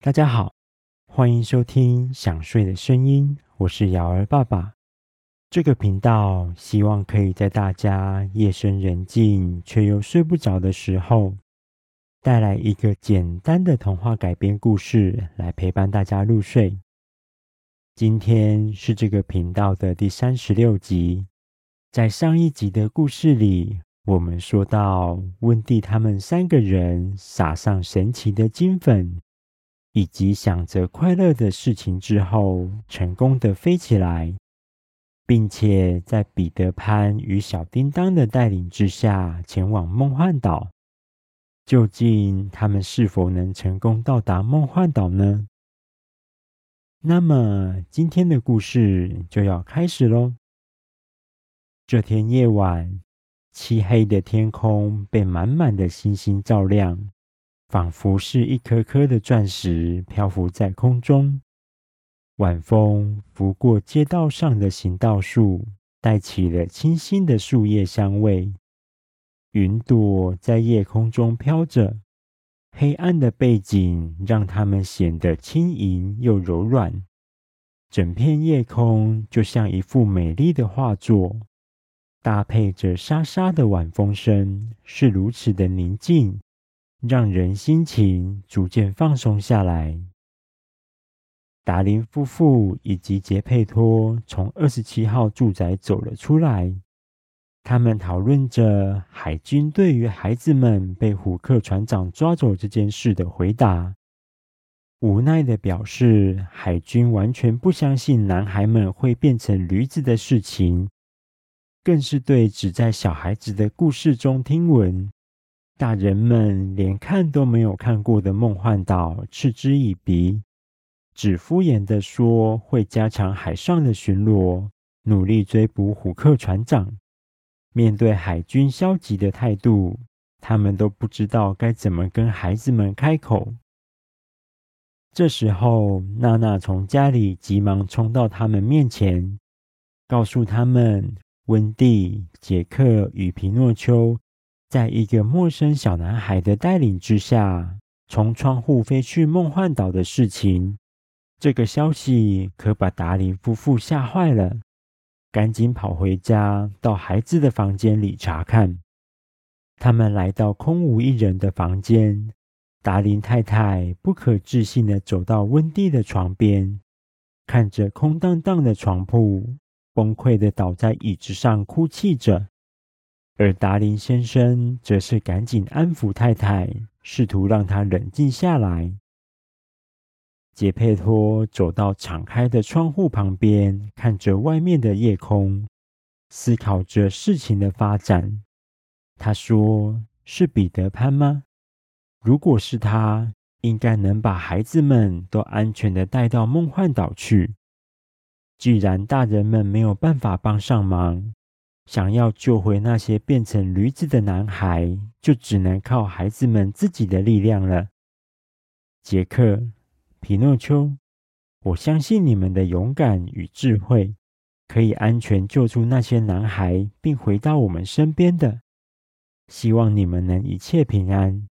大家好，歡迎收聽《想睡的聲音》，我是堯兒爸爸。這個頻道希望可以在大家夜深人靜卻又睡不着的時候，帶來一個簡單的童話改編故事來陪伴大家入睡。今天是這個頻道的第三十六集。在上一集的故事裡，我們說到溫蒂他們三個人撒上神奇的金粉。以及想着快樂的事情之後，成功的飛起來，並且在彼得潘與小叮噹的帶領之下，前往夢幻島。究竟他們是否能成功到達夢幻島呢？那麼，今天的故事就要開始嘍。這天夜晚，漆黑的天空被滿滿的星星照亮。仿佛是一顆顆的鑽石漂浮在空中。晚風拂過街道上的行道樹，帶起了清新的樹葉香味。雲朵在夜空中飄着，黑暗的背景讓它們顯得輕盈又柔軟。整片夜空就像一幅美麗的畫作，搭配着沙沙的晚風聲，是如此的寧靜。讓人心情逐漸放鬆下來。達林夫婦以及傑佩托從二十七號住宅走了出來，他們討論着海軍對於孩子們被虎克船長抓走這件事的回答，無奈地表示海軍完全不相信男孩們會變成驢子的事情，更是對只在小孩子的故事中聽聞。大人們連看都沒有看過的夢幻島，嗤之以鼻，只敷衍地說會加強海上的巡邏，努力追捕虎克船長。面對海軍消極的態度，他們都不知道該怎麼跟孩子們開口。這時候，娜娜從家裡急忙衝到他們面前，告訴他們：溫蒂、傑克與皮諾丘。在一個陌生小男孩的帶領之下，從窗戶飛去夢幻島的事情，這個消息可把達林夫婦嚇壞了，趕緊跑回家到孩子的房間裡查看。他們來到空無一人的房間，達林太太不可置信地走到溫蒂的床邊，看着空蕩蕩的床鋪，崩潰的倒在椅子上哭泣着。而達林先生則是趕緊安撫太太，試圖讓她冷靜下來。杰佩托走到敞開的窗戶旁邊，看着外面的夜空，思考着事情的發展。他說：“是彼得潘嗎？如果是他，應該能把孩子們都安全的帶到夢幻島去。既然大人們沒有辦法幫上忙。”想要救回那些變成驢子的男孩，就只能靠孩子們自己的力量了。傑克、皮諾丘，我相信你們的勇敢與智慧，可以安全救出那些男孩，並回到我們身邊的。希望你們能一切平安。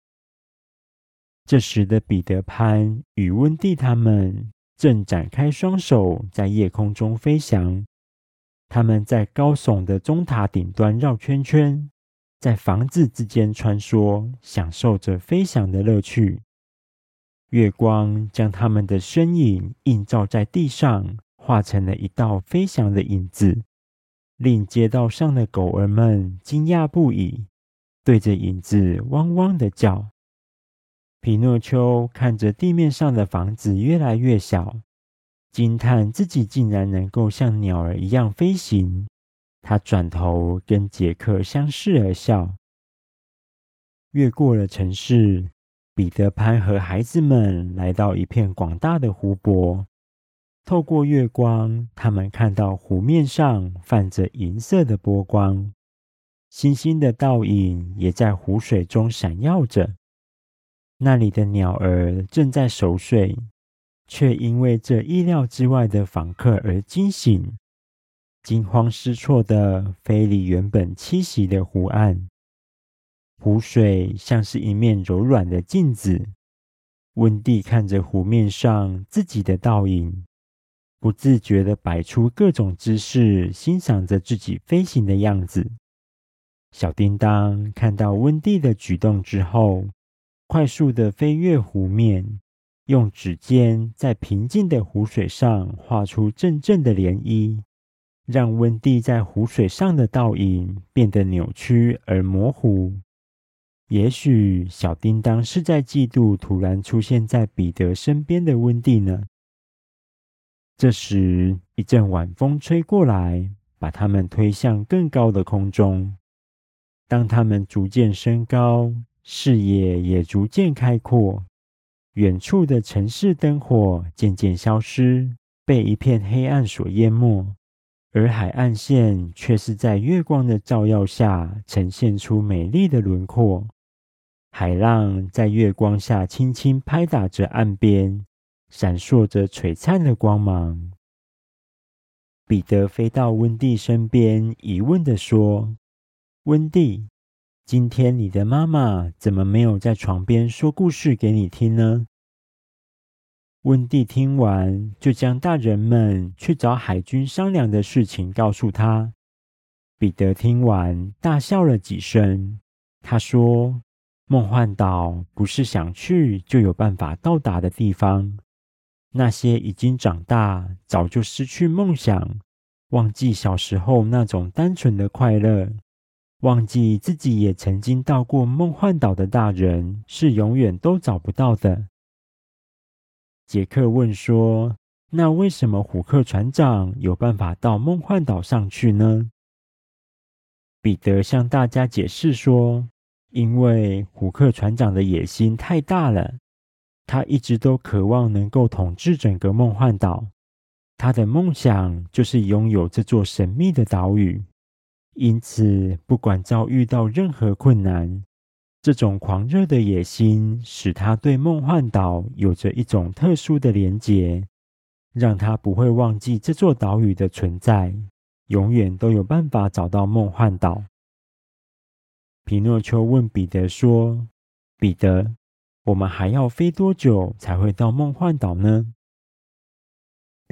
這時的彼得潘與溫蒂他們正展開雙手，在夜空中飛翔。他們在高聳的鐘塔頂端繞圈圈，在房子之間穿梭，享受着飛翔的樂趣。月光將他們的身影映照在地上，化成了一道飛翔的影子，令街道上的狗兒們驚訝不已，對着影子汪汪的叫。皮諾丘看着地面上的房子越來越小。驚嘆自己竟然能夠像鳥兒一樣飛行，他轉頭跟傑克相視而笑。越過了城市，彼得潘和孩子們來到一片廣大的湖泊。透過月光，他們看到湖面上泛着銀色的波光，星星的倒影也在湖水中閃耀着。那裡的鳥兒正在熟睡，卻因為這意料之外的訪客而驚醒，驚慌失措地飛離原本棲息的湖岸。湖水像是一面柔軟的鏡子，溫蒂看着湖面上自己的倒影，不自覺地擺出各種姿勢，欣賞着自己飛行的樣子。小叮噹看到溫蒂的舉動之後，快速地飛越湖面。用指尖在平靜的湖水上畫出陣陣的漣漪，讓溫蒂在湖水上的倒影變得扭曲而模糊。也許小叮噹是在嫉妒突然出現在彼得身邊的溫蒂呢？這時，一陣晚風吹過來，把他們推向更高的空中。當他們逐漸升高，視野也逐漸開闊。遠處的城市燈火漸漸消失，被一片黑暗所淹沒，而海岸線卻是在月光的照耀下呈現出美麗的輪廓。海浪在月光下輕輕拍打着岸邊，閃爍着璀璨的光芒。彼得飛到溫蒂身邊，疑問的說：“溫蒂。”今天你的媽媽怎麼沒有在床邊說故事給你聽呢？溫蒂聽完，就將大人們去找海軍商量的事情告訴他。彼得聽完，大笑了幾聲。他說：“夢幻島不是想去就有辦法到達的地方。那些已經長大，早就失去夢想，忘記小時候那種單純的快樂。”忘記自己也曾經到過夢幻島的大人是永遠都找不到的。傑克問說：“那為什麼虎克船長有辦法到夢幻島上去呢？”彼得向大家解釋說：“因為虎克船長的野心太大了，他一直都渴望能夠統治整個夢幻島。他的夢想就是擁有這座神秘的島嶼。”因此，不管遭遇到任何困難，這種狂熱的野心使他對夢幻島有着一種特殊的連結，讓他不會忘記這座島嶼的存在，永遠都有辦法找到夢幻島。皮諾丘問彼得說：“彼得，我們還要飛多久才會到夢幻島呢？”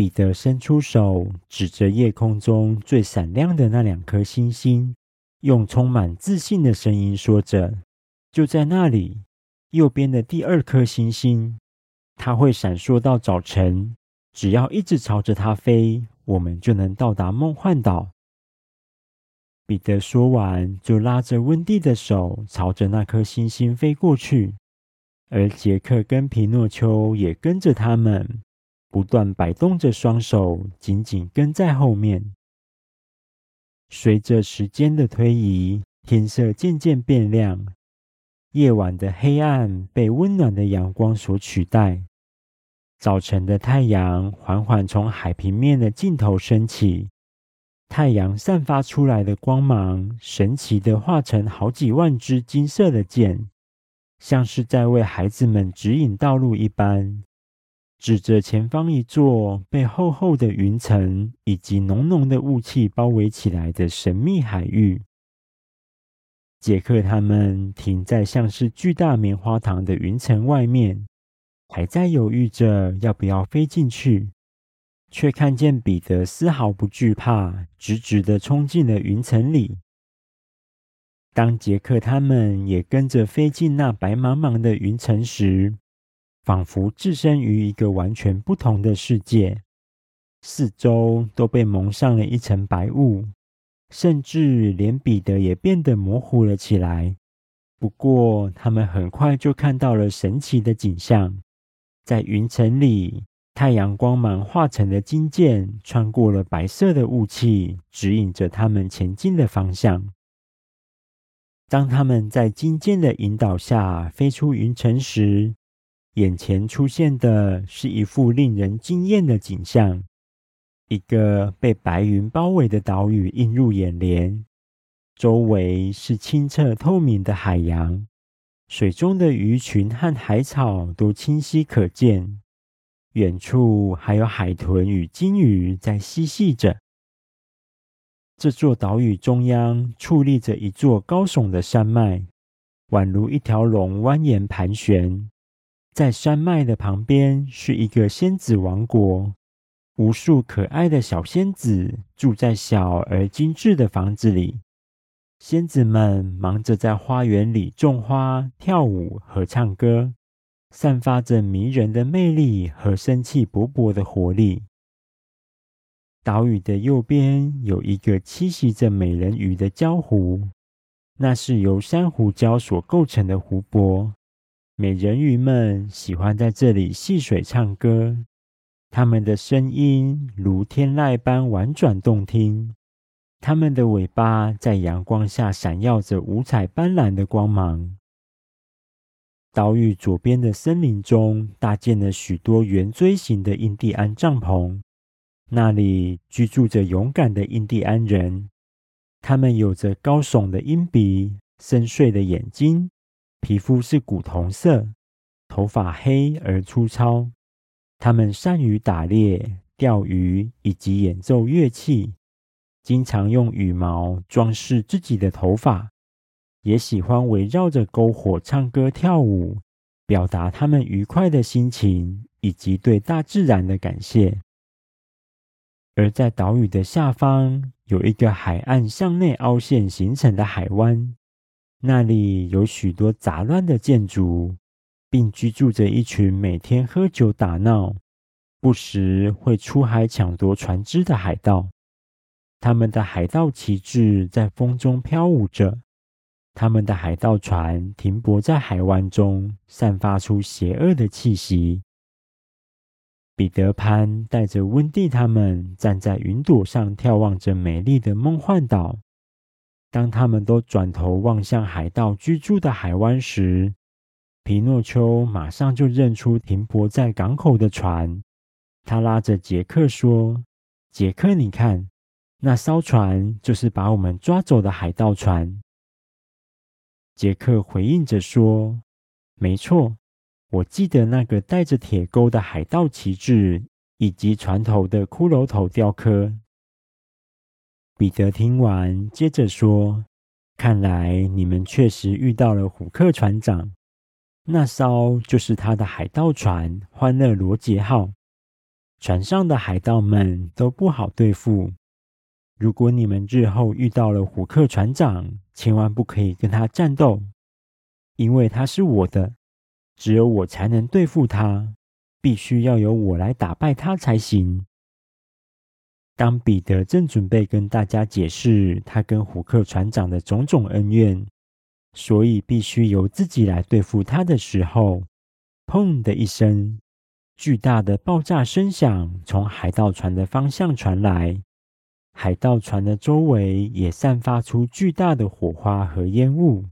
彼得伸出手指着夜空中最閃亮的那兩顆星星，用充滿自信的聲音說着：“就在那裡，右邊的第二顆星星，它會閃爍到早晨。只要一直朝着它飛，我們就能到達夢幻島。”彼得說完，就拉着溫蒂的手，朝着那顆星星飛過去，而傑克跟皮諾丘也跟着他們。不斷擺動着雙手，緊緊跟在後面。隨着時間的推移，天色漸漸變亮，夜晚的黑暗被溫暖的陽光所取代。早晨的太陽緩緩從海平面的盡頭升起，太陽散發出來的光芒神奇地化成好幾萬支金色的箭，像是在為孩子們指引道路一般。指着前方一座被厚厚的雲層以及濃濃的霧氣包圍起來的神秘海域，傑克他們停在像是巨大棉花糖的雲層外面，還在猶豫着要不要飛進去，卻看見彼得絲毫不懼怕，直直的衝進了雲層裡。當傑克他們也跟着飛進那白茫茫的雲層時，仿佛置身於一個完全不同的世界，四周都被蒙上了一層白霧，甚至連彼得也變得模糊了起來。不過，他們很快就看到了神奇的景象：在雲層裡，太陽光芒化成的金箭，穿過了白色的霧氣，指引着他們前進的方向。當他們在金箭的引導下飛出雲層時，眼前出現的是一幅令人驚艷的景象：一個被白雲包圍的島嶼映入眼簾，周圍是清澈透明的海洋，水中的魚群和海草都清晰可見。遠處還有海豚與鯨魚在嬉戲着。這座島嶼中央矗立着一座高聳的山脈，宛如一條龍蜿蜒盤旋。在山脈的旁邊是一個仙子王國，無數可愛的小仙子住在小而精緻的房子裡。仙子們忙着在花園裡種花、跳舞和唱歌，散發着迷人的魅力和生氣勃勃的活力。島嶼的右邊有一個棲息着美人魚的礁湖，那是由珊瑚礁所構成的湖泊。美人魚們喜歡在這裡戲水唱歌，他們的聲音如天籟般婉轉動聽。他們的尾巴在陽光下閃耀着五彩斑斕的光芒。島嶼左邊的森林中搭建了許多圓錐形的印第安帳篷，那裡居住着勇敢的印第安人。他們有着高聳的鷹鼻、深邃的眼睛。皮膚是古銅色，頭髮黑而粗糙。他們善於打獵、釣魚以及演奏樂器，經常用羽毛裝飾自己的頭髮，也喜歡圍繞着篝火唱歌跳舞，表達他們愉快的心情以及對大自然的感謝。而在島嶼的下方，有一個海岸向內凹陷形成的海灣。那裡有許多雜亂的建築，並居住着一群每天喝酒打鬧、不時會出海搶奪船隻的海盜。他們的海盜旗幟在風中飄舞着，他們的海盜船停泊在海灣中，散發出邪惡的氣息。彼得潘帶着溫蒂他們站在雲朵上，眺望着美麗的夢幻島。當他們都轉頭望向海盜居住的海灣時，皮諾丘馬上就認出停泊在港口的船。他拉着傑克說：“杰克，你看，那艘船就是把我們抓走的海盜船。”傑克回應着說：“沒錯，我記得那個帶着鐵鈎的海盜旗幟，以及船頭的骷髏頭雕刻。”彼得聽完，接着說：“看來你們確實遇到了虎克船長，那艘就是他的海盜船‘歡樂羅傑號’。船上的海盜們都不好對付。如果你們日後遇到了虎克船長，千萬不可以跟他戰鬥，因為他是我的，只有我才能對付他，必須要由我來打敗他才行。”當彼得正準備跟大家解釋他跟虎克船長的種種恩怨，所以必須由自己來對付他的時候，砰的一聲，巨大的爆炸聲響從海盜船的方向傳來，海盜船的周圍也散發出巨大的火花和煙霧，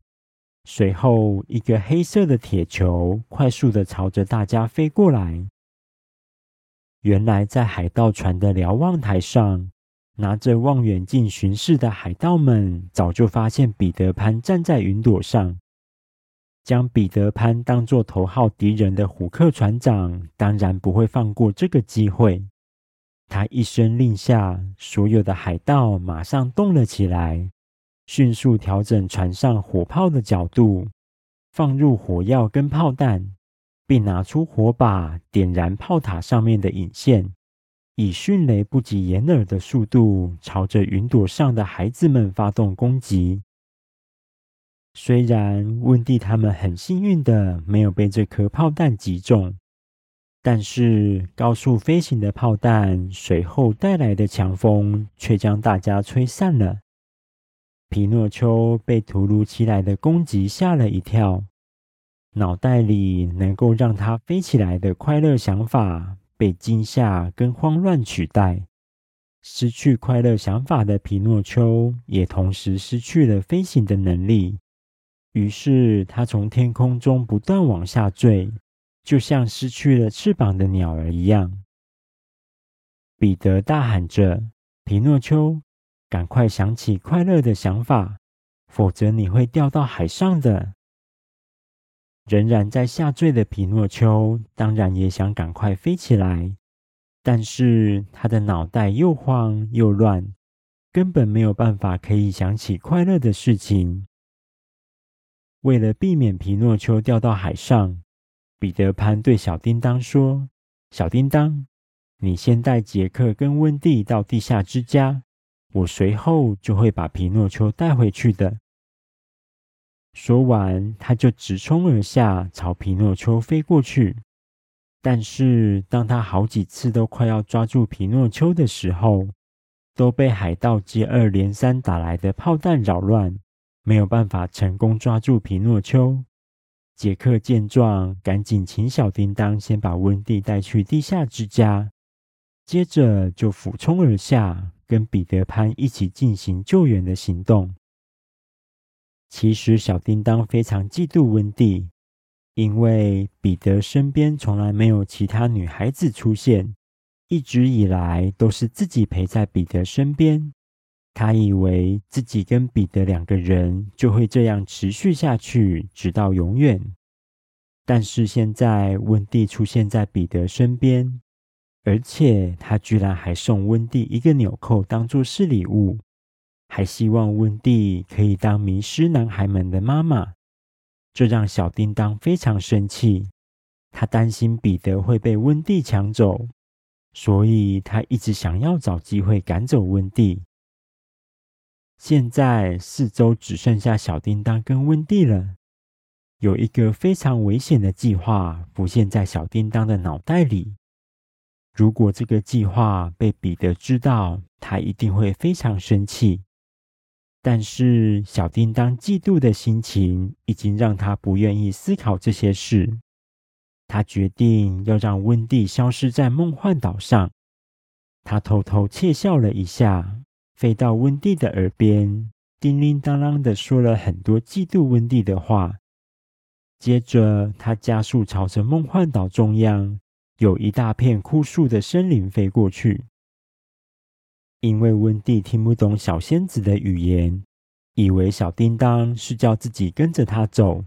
隨後一個黑色的鐵球快速的朝着大家飛過來。原來，在海盜船的瞭望臺上，拿着望遠鏡巡視的海盜們早就發現彼得潘站在雲朵上。將彼得潘當作頭號敵人的虎克船長，當然不會放過這個機會。他一聲令下，所有的海盜馬上動了起來，迅速調整船上火炮的角度，放入火藥跟炮彈。並拿出火把，點燃炮塔上面的引線，以迅雷不及掩耳的速度，朝着雲朵上的孩子們發動攻擊。雖然溫蒂他們很幸運的沒有被這顆炮彈擊中，但是高速飛行的炮彈隨後帶來的強風，卻將大家吹散了。皮諾丘被突如其來的攻擊嚇了一跳。腦袋裡能夠讓他飛起來的快樂想法被驚嚇跟慌亂取代，失去快樂想法的皮諾丘也同時失去了飛行的能力，於是他從天空中不斷往下墜，就像失去了翅膀的鳥兒一樣。彼得大喊着：“皮諾丘，趕快想起快樂的想法，否則你會掉到海上的。”仍然在下墜的皮諾丘，當然也想趕快飛起來，但是他的腦袋又晃又亂，根本沒有辦法可以想起快樂的事情。為了避免皮諾丘掉到海上，彼得潘對小叮噹說：“小叮噹，你先帶傑克跟溫蒂到地下之家，我隨後就會把皮諾丘帶回去的。”說完，他就直衝而下，朝皮諾丘飛過去。但是，當他好幾次都快要抓住皮諾丘的時候，都被海盜接二連三打來的炮彈擾亂，沒有辦法成功抓住皮諾丘。傑克見狀，趕緊請小叮噹先把溫蒂帶去地下之家，接着就俯衝而下，跟彼得潘一起進行救援的行動。其實，小叮當非常嫉妒溫蒂，因為彼得身邊從來沒有其他女孩子出現，一直以來都是自己陪在彼得身邊。他以為自己跟彼得兩個人就會這樣持續下去，直到永遠。但是現在，溫蒂出現在彼得身邊，而且他居然還送溫蒂一個紐扣，當作是禮物。還希望溫蒂可以當迷失男孩們的媽媽，這讓小叮噹非常生氣。他擔心彼得會被溫蒂搶走，所以他一直想要找機會趕走溫蒂。現在四周只剩下小叮噹跟溫蒂了，有一個非常危險的計劃浮現在小叮噹的腦袋裡。如果這個計劃被彼得知道，他一定會非常生氣。但是，小叮噹嫉妒的心情已經讓他不願意思考這些事。他決定要讓溫蒂消失在夢幻島上。他偷偷竊笑了一下，飛到溫蒂的耳邊，叮叮噹噹的說了很多嫉妒溫蒂的話。接着，他加速朝着夢幻島中央，有一大片枯樹的森林飛過去。因為溫蒂聽不懂小仙子的語言，以為小叮噹是叫自己跟着他走，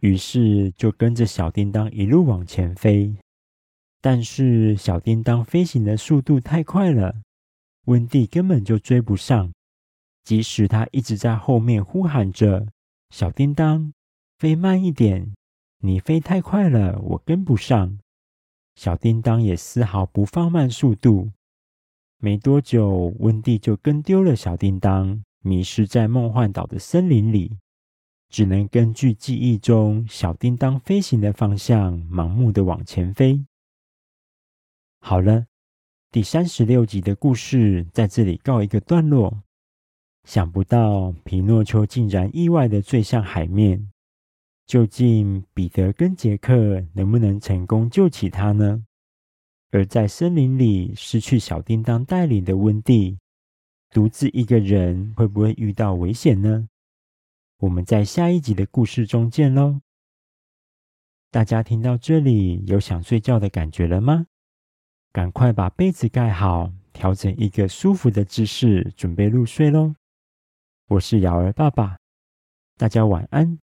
於是就跟着小叮噹一路往前飛。但是小叮噹飛行的速度太快了，溫蒂根本就追不上。即使他一直在後面呼喊着：“小叮噹，飛慢一點，你飛太快了，我跟不上。”小叮噹也絲毫不放慢速度。沒多久，溫蒂就跟丟了小叮噹，迷失在夢幻島的森林裡，只能根據記憶中小叮噹飛行的方向，盲目的往前飛。好了，第三十六集的故事在這裡告一個段落。想不到，皮諾丘竟然意外的墜向海面，究竟彼得跟杰克能不能成功救起他呢？而在森林裡失去小叮噹帶領的溫蒂，獨自一個人會不會遇到危險呢？我們在下一集的故事中見嘍！大家聽到這裡有想睡覺的感覺了嗎？趕快把被子蓋好，調整一個舒服的姿勢，準備入睡嘍！我是堯兒爸爸，大家晚安。